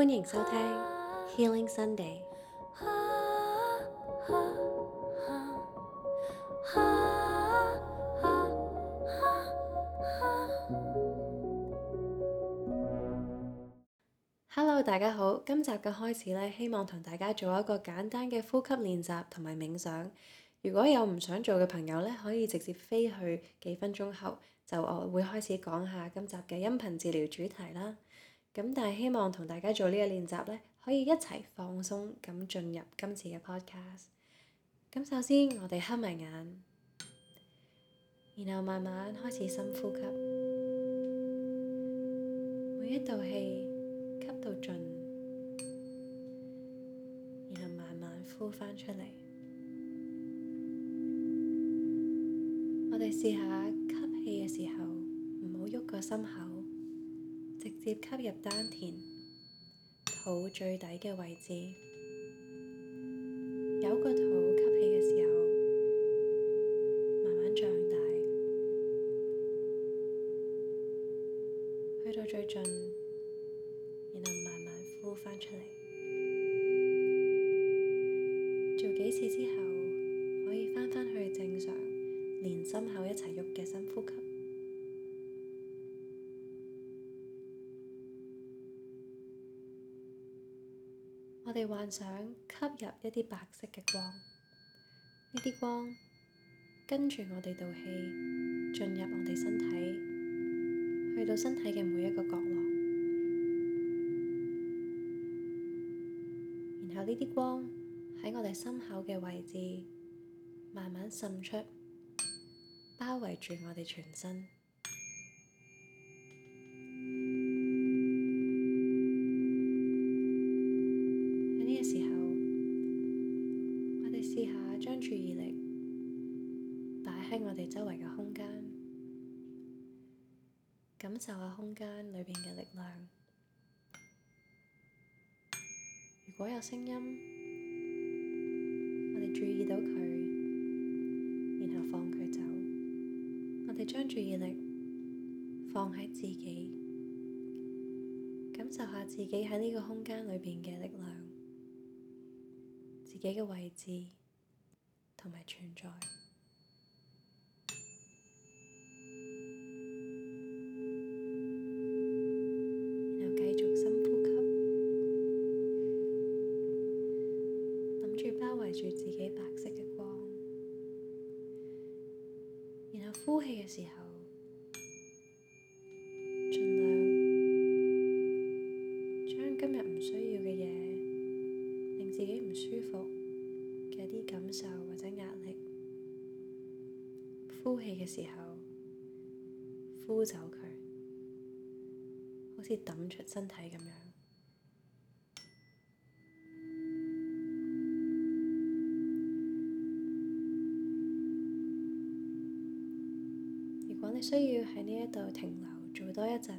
歡迎收聽 Healing Sunday。Hello，大家好。今集嘅開始咧，希望同大家做一個簡單嘅呼吸練習同埋冥想。如果有唔想做嘅朋友咧，可以直接飛去幾分鐘後，就我會開始講下今集嘅音頻治療主題啦。咁但係希望同大家做呢個練習咧，可以一齊放鬆咁進入今次嘅 podcast。咁首先我哋黑埋眼，然後慢慢開始深呼吸，每一度氣吸到盡，然後慢慢呼翻出嚟。我哋試下吸氣嘅時候唔好喐個心口。直接吸入丹田，肚最底嘅位置，有個肚吸氣嘅時候慢慢脹大，去到最盡，然後慢慢呼翻出嚟。做幾次之後，可以翻返去正常，連心口一齊喐嘅深呼吸。我哋幻想吸入一啲白色嘅光，呢啲光跟住我哋道氣進入我哋身體，去到身體嘅每一個角落，然後呢啲光喺我哋心口嘅位置慢慢滲出，包圍住我哋全身。將注意力放喺自己，感受下自己喺呢個空間裏面嘅力量、自己嘅位置同埋存在。然後繼續深呼吸，諗住包圍住自己白色嘅。呼氣嘅時候。我哋需要喺呢一度停留做多一陣，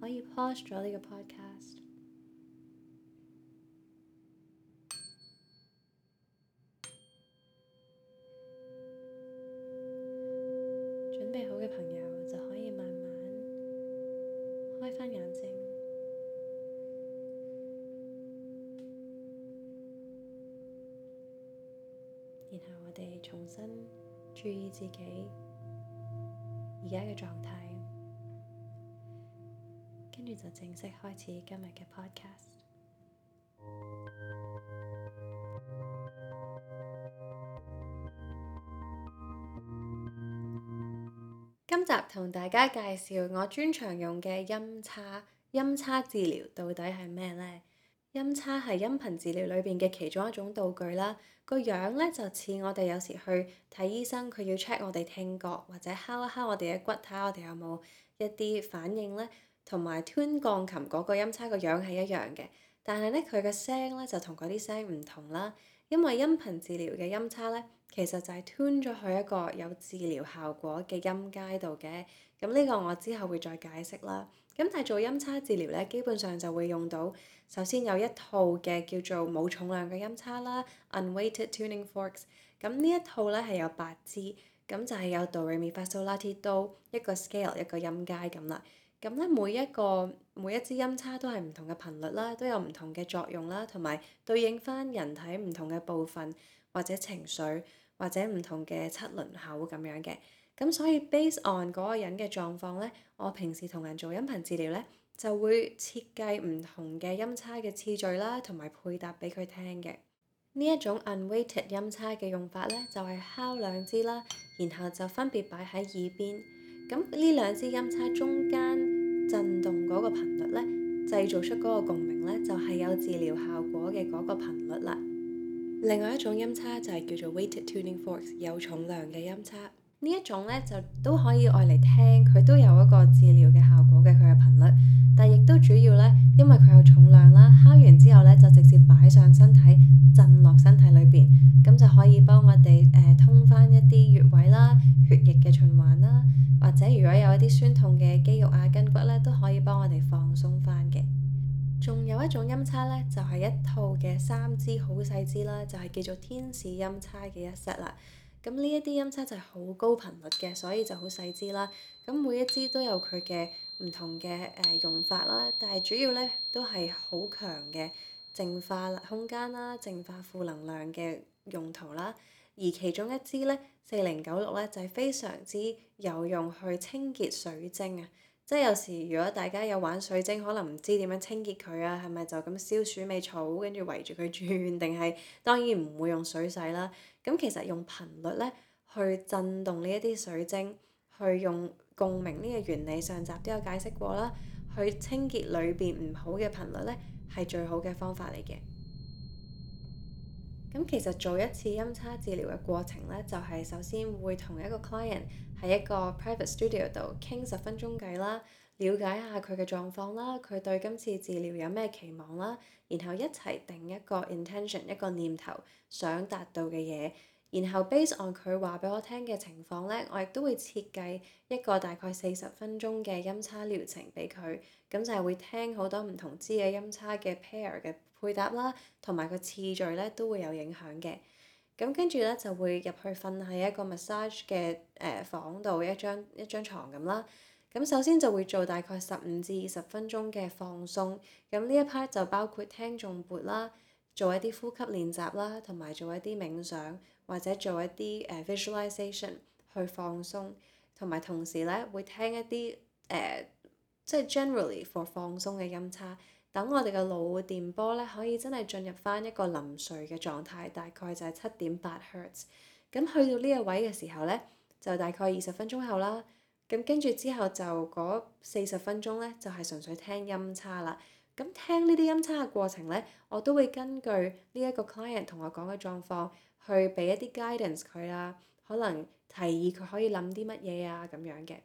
可以 pause 咗呢個 podcast。準備好嘅朋友就可以慢慢開返眼睛，然後我哋重新注意自己，而家嘅狀態，跟住就正式開始今日嘅 podcast。今集同大家介紹我專長用嘅音叉，音叉治療到底係咩呢？音叉係音頻治療裏邊嘅其中一種道具啦，個樣咧就似我哋有時去睇醫生，佢要 check 我哋聽覺或者敲一敲我哋嘅骨，睇下我哋有冇一啲反應咧，同埋 tune 鋼琴嗰個音叉個樣係一樣嘅，但係咧佢嘅聲咧就聲同嗰啲聲唔同啦，因為音頻治療嘅音叉咧，其實就係 tune 咗去一個有治療效果嘅音階度嘅，咁、這、呢個我之後會再解釋啦。咁但係做音叉治療咧，基本上就會用到首先有一套嘅叫做冇重量嘅音叉啦，unweighted tuning forks。咁呢一套咧係有八支，咁就係有 do re mi fa sol la ti do 一個 scale 一個音階咁啦。咁咧每一個每一支音叉都係唔同嘅頻率啦，都有唔同嘅作用啦，同埋對應翻人體唔同嘅部分或者情緒或者唔同嘅七輪口咁樣嘅。咁所以 base on 嗰個人嘅狀況呢，我平時同人做音頻治療呢，就會設計唔同嘅音叉嘅次序啦，同埋配搭俾佢聽嘅。呢一種 unweighted 音叉嘅用法呢，就係、是、敲兩支啦，然後就分別擺喺耳邊，咁呢兩支音叉中間震動嗰個頻率呢，製造出嗰個共鳴呢，就係、是、有治療效果嘅嗰個頻率啦。另外一種音叉就係叫做 weighted tuning forks 有重量嘅音叉。呢一種咧就都可以愛嚟聽，佢都有一個治療嘅效果嘅佢嘅頻率，但亦都主要咧，因為佢有重量啦，敲完之後咧就直接擺上身體，震落身體裏邊，咁就可以幫我哋誒、呃、通翻一啲穴位啦、血液嘅循環啦，或者如果有一啲酸痛嘅肌肉啊、筋骨咧，都可以幫我哋放鬆翻嘅。仲有一種音叉咧，就係、是、一套嘅三支好細支啦，就係、是、叫做天使音叉嘅一 set 啦。咁呢一啲音叉就係好高頻率嘅，所以就好細支啦。咁每一支都有佢嘅唔同嘅誒用法啦，但係主要咧都係好強嘅淨化空間啦、淨化負能量嘅用途啦。而其中一支咧，四零九六咧就係非常之有用去清潔水晶啊！即係有時如果大家有玩水晶，可能唔知點樣清潔佢啊，係咪就咁燒鼠尾草跟住圍住佢轉，定係當然唔會用水洗啦。咁其實用頻率咧，去震動呢一啲水晶，去用共鳴呢個原理，上集都有解釋過啦。去清潔裏邊唔好嘅頻率咧，係最好嘅方法嚟嘅。咁 其實做一次音叉治療嘅過程咧，就係、是、首先會同一個 client 喺一個 private studio 度傾十分鐘偈啦。了解下佢嘅狀況啦，佢對今次治療有咩期望啦，然後一齊定一個 intention，一個念頭想達到嘅嘢，然後 based on 佢話俾我聽嘅情況咧，我亦都會設計一個大概四十分鐘嘅音叉療程俾佢，咁就係會聽好多唔同支嘅音叉嘅 pair 嘅配搭啦，同埋個次序咧都會有影響嘅，咁跟住咧就會入去瞓喺一個 massage 嘅誒、呃、房度一張一張牀咁啦。咁首先就會做大概十五至二十分鐘嘅放鬆，咁呢一 part 就包括聽頌缽啦，做一啲呼吸練習啦，同埋做一啲冥想，或者做一啲誒、uh, visualization 去放鬆，同埋同時咧會聽一啲誒即、uh, 係 generally for 放鬆嘅音叉。等我哋嘅腦電波咧可以真係進入翻一個臨睡嘅狀態，大概就係七點八 hertz，咁去到呢個位嘅時候咧，就大概二十分鐘後啦。咁跟住之後就嗰四十分鐘咧，就係、是、純粹聽音叉啦。咁聽呢啲音叉嘅過程咧，我都會根據呢一個 client 同我講嘅狀況，去俾一啲 guidance 佢啦、啊。可能提議佢可以諗啲乜嘢啊咁樣嘅。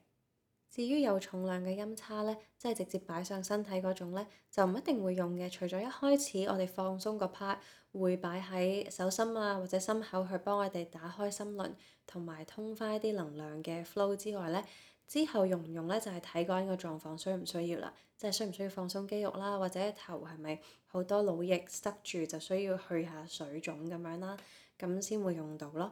至於有重量嘅音叉咧，即係直接擺上身體嗰種咧，就唔一定會用嘅。除咗一開始我哋放鬆個 part 會擺喺手心啊或者心口去幫我哋打開心輪同埋通返一啲能量嘅 flow 之外咧。之後用唔用咧，就係睇個呢個狀況需唔需要啦，即係需唔需要放鬆肌肉啦，或者頭係咪好多腦液塞住，就需要去下水腫咁樣啦，咁先會用到咯。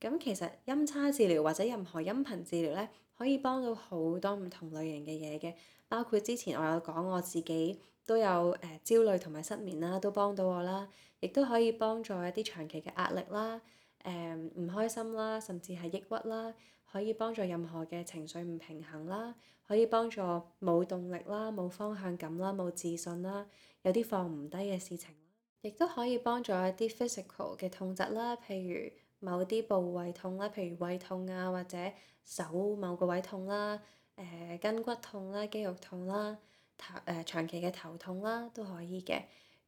咁其實音叉治療或者任何音頻治療咧，可以幫到好多唔同類型嘅嘢嘅，包括之前我有講我自己都有誒焦慮同埋失眠啦，都幫到我啦，亦都可以幫助一啲長期嘅壓力啦，誒唔開心啦，甚至係抑鬱啦。可以幫助任何嘅情緒唔平衡啦，可以幫助冇動力啦、冇方向感啦、冇自信啦，有啲放唔低嘅事情，亦都可以幫助一啲 physical 嘅痛疾啦，譬如某啲部位痛啦，譬如胃痛啊或者手某個位痛啦，誒、呃、筋骨痛啦、肌肉痛啦，頭、呃、誒長期嘅頭痛啦都可以嘅。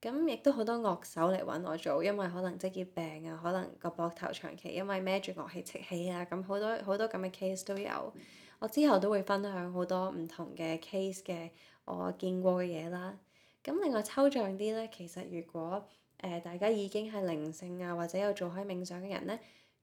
咁亦都好多樂手嚟揾我做，因為可能職業病啊，可能個膊頭長期因為孭住樂器積氣啊，咁好多好多咁嘅 case 都有。我之後都會分享好多唔同嘅 case 嘅我見過嘅嘢啦。咁另外抽象啲呢，其實如果誒、呃、大家已經係靈性啊，或者有做開冥想嘅人呢，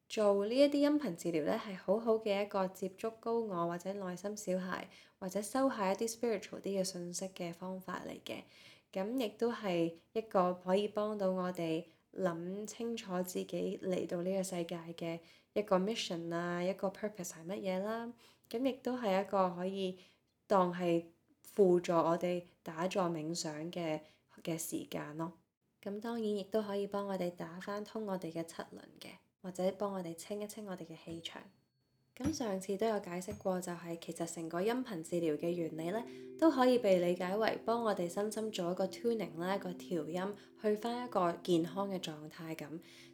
做呢一啲音頻治療呢，係好好嘅一個接觸高我或者內心小孩，或者收下一啲 spiritual 啲嘅信息嘅方法嚟嘅。咁亦都係一個可以幫到我哋諗清楚自己嚟到呢個世界嘅一個 mission 啊，一個 purpose 係乜嘢啦？咁亦都係一個可以當係輔助我哋打坐冥想嘅嘅時間咯。咁當然亦都可以幫我哋打返通我哋嘅七輪嘅，或者幫我哋清一清我哋嘅氣場。咁上次都有解釋過、就是，就係其實成個音頻治療嘅原理呢，都可以被理解為幫我哋身心做一個 tuning 啦，一個調音，去返一個健康嘅狀態咁。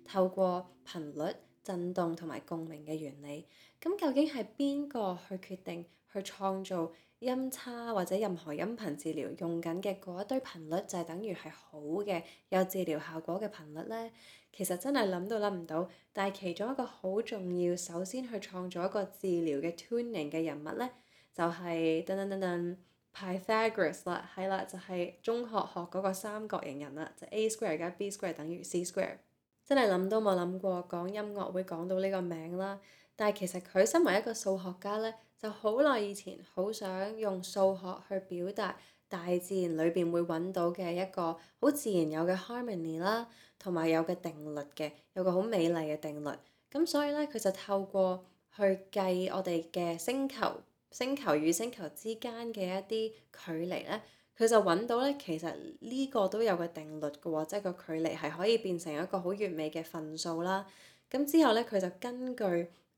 透過頻率振動同埋共鳴嘅原理，咁究竟係邊個去決定去創造音叉或者任何音頻治療用緊嘅嗰一堆頻率，就係、是、等於係好嘅有治療效果嘅頻率呢？其實真係諗都諗唔到，但係其中一個好重要，首先去創造一個治療嘅 tuning 嘅人物咧，就係等等等等。Pythagoras 啦，係啦，就係、是、中學學嗰個三角形人啦，就是、A square 加 B square 等於 C square，真係諗都冇諗過講音樂會講到呢個名啦。但係其實佢身為一個數學家咧，就好耐以前好想用數學去表達大自然裏邊會揾到嘅一個好自然有嘅 harmony 啦。同埋有個定律嘅，有個好美麗嘅定律。咁所以咧，佢就透過去計我哋嘅星球、星球與星球之間嘅一啲距離咧，佢就揾到咧，其實呢個都有個定律嘅喎，即係個距離係可以變成一個好完美嘅分數啦。咁之後咧，佢就根據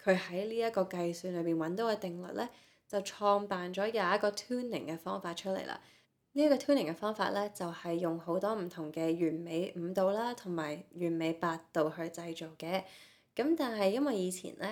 佢喺呢一個計算裏邊揾到嘅定律咧，就創辦咗有一個 tuning 嘅方法出嚟啦。呢一個 tuning 嘅方法咧，就係、是、用好多唔同嘅完美五度啦，同埋完美八度去製造嘅。咁但係因為以前咧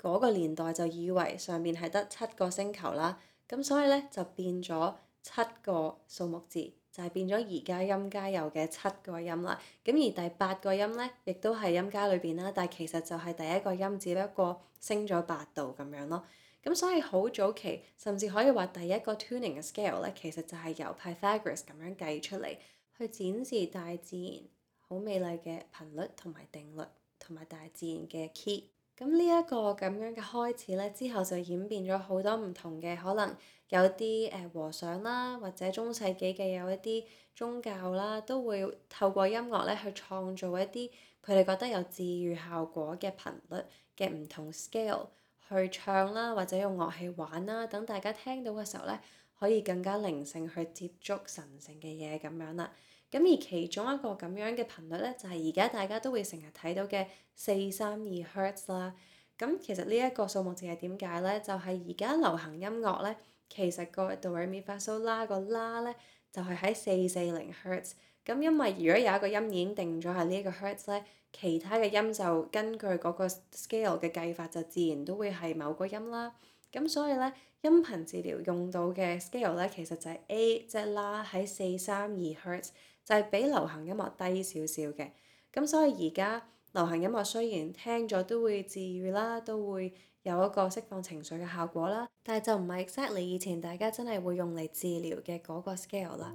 嗰、那個年代就以為上面係得七個星球啦，咁所以咧就變咗七個數目字，就係、是、變咗而家音階有嘅七個音啦。咁而第八個音咧，亦都係音階裏邊啦，但係其實就係第一個音，只不過升咗八度咁樣咯。咁所以好早期，甚至可以話第一個 tuning 嘅 scale 咧，其實就係由 Pythagoras 咁樣計出嚟，去展示大自然好美麗嘅頻率同埋定律同埋大自然嘅 key。咁呢一個咁樣嘅開始咧，之後就演變咗好多唔同嘅可能，有啲誒和尚啦，或者中世紀嘅有一啲宗教啦，都會透過音樂咧去創造一啲佢哋覺得有治愈效果嘅頻率嘅唔同 scale。去唱啦，或者用樂器玩啦，等大家聽到嘅時候咧，可以更加靈性去接觸神聖嘅嘢咁樣啦。咁而其中一個咁樣嘅頻率咧，就係而家大家都會成日睇到嘅四三二赫茲啦。咁其實數呢一個數目字係點解咧？就係而家流行音樂咧，其實個 do re mi fa so la 個 la 咧，就係喺四四零赫茲。咁因為如果有一個音已經定咗係呢一個 hertz 咧，其他嘅音就根據嗰個 scale 嘅計法就自然都會係某個音啦。咁所以咧，音頻治療用到嘅 scale 咧，其實就係 A 即係 La 喺四三二 hertz，就係比流行音樂低少少嘅。咁所以而家流行音樂雖然聽咗都會治愈啦，都會有一個釋放情緒嘅效果啦，但係就唔係 exactly 以前大家真係會用嚟治療嘅嗰個 scale 啦。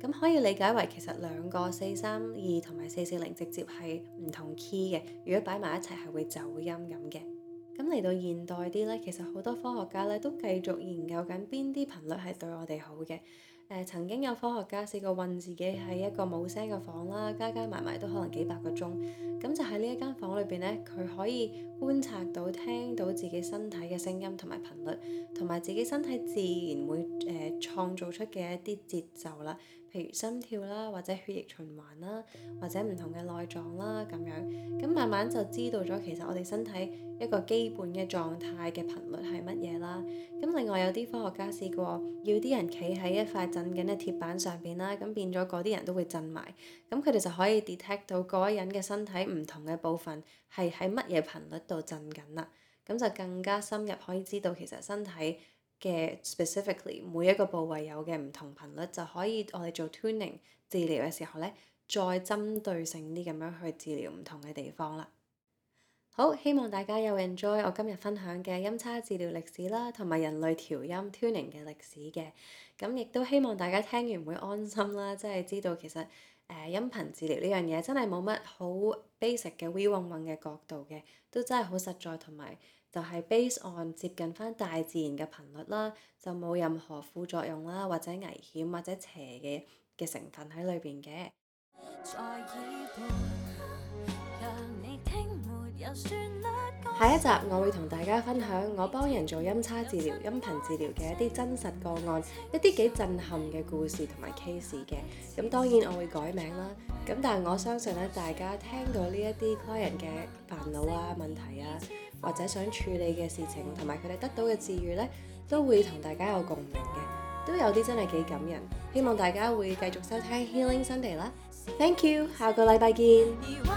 咁可以理解為其實兩個四三二同埋四四零直接係唔同 key 嘅，如果擺埋一齊係會走音咁嘅。咁嚟到現代啲咧，其實好多科學家咧都繼續研究緊邊啲頻率係對我哋好嘅。呃，曾經有科學家試過運自己喺一個冇聲嘅房啦，加加埋埋都可能幾百個鐘。咁就喺呢一間房裏邊咧，佢可以觀察到聽到自己身體嘅聲音同埋頻率，同埋自己身體自然會誒呃、創造出嘅一啲節奏啦。譬如心跳啦，或者血液循環啦，或者唔同嘅內臟啦，咁樣咁慢慢就知道咗其實我哋身體一個基本嘅狀態嘅頻率係乜嘢啦。咁另外有啲科學家試過要啲人企喺一塊震緊嘅鐵板上邊啦，咁變咗嗰啲人都會震埋，咁佢哋就可以 detect 到嗰個人嘅身體唔同嘅部分係喺乜嘢頻率度震緊啦。咁就更加深入可以知道其實身體嘅 specifically 每一個部位有嘅唔同頻率，就可以我哋做 tuning 治療嘅時候咧，再針對性啲咁樣去治療唔同嘅地方啦。好，希望大家有 enjoy 我今日分享嘅音叉治療歷史啦，同埋人類調音 tuning 嘅歷史嘅。咁亦都希望大家聽完會安心啦，即係知道其實誒、呃、音頻治療呢樣嘢真係冇乜好 basic 嘅 w i w l 運運嘅角度嘅，都真係好實在同埋。就係 base on 接近翻大自然嘅頻率啦，就冇任何副作用啦，或者危險或者邪嘅嘅成分喺裏邊嘅。下一集我會同大家分享我幫人做音叉治療、音頻治療嘅一啲真實個案，一啲幾震撼嘅故事同埋 case 嘅。咁當然我會改名啦。咁但係我相信咧，大家聽到呢一啲 client 嘅煩惱啊、問題啊，或者想處理嘅事情，同埋佢哋得到嘅治愈呢，都會同大家有共鳴嘅，都有啲真係幾感人。希望大家會繼續收睇 Healing Sunday 啦。Thank you，下個禮拜見。